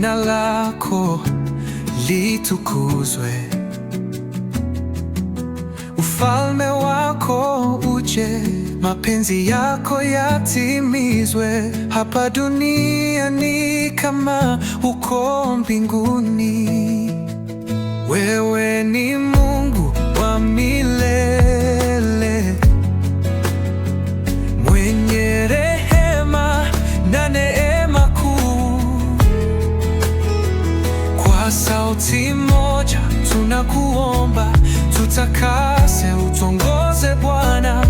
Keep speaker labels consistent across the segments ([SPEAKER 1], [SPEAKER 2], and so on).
[SPEAKER 1] jina lako litukuzwe, ufalme wako uje, mapenzi yako yatimizwe hapa duniani kama uko mbinguni. Wewe ni sauti moja tunakuomba, tutakase, utongoze Bwana,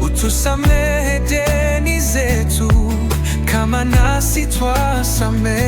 [SPEAKER 1] utusamehe deni zetu kama nasi twasamehe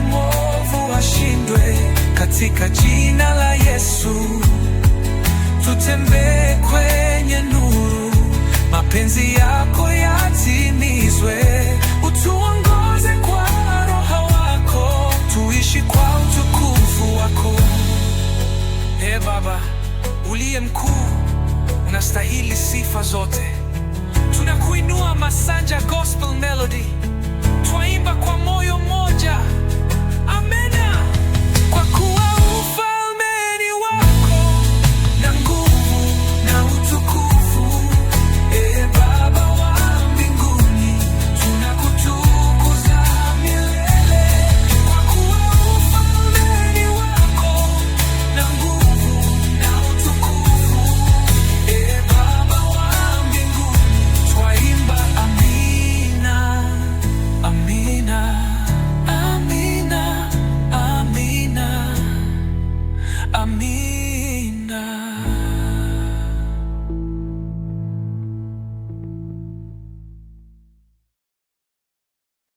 [SPEAKER 1] mwovu ashindwe, katika jina la Yesu. Tutembee kwenye nuru, mapenzi yako yatimizwe, utuongoze kwa Roho wako, tuishi kwa utukufu wako.
[SPEAKER 2] Hey Baba uliye mkuu, unastahili sifa zote, tunakuinua Masanja Gospel Melody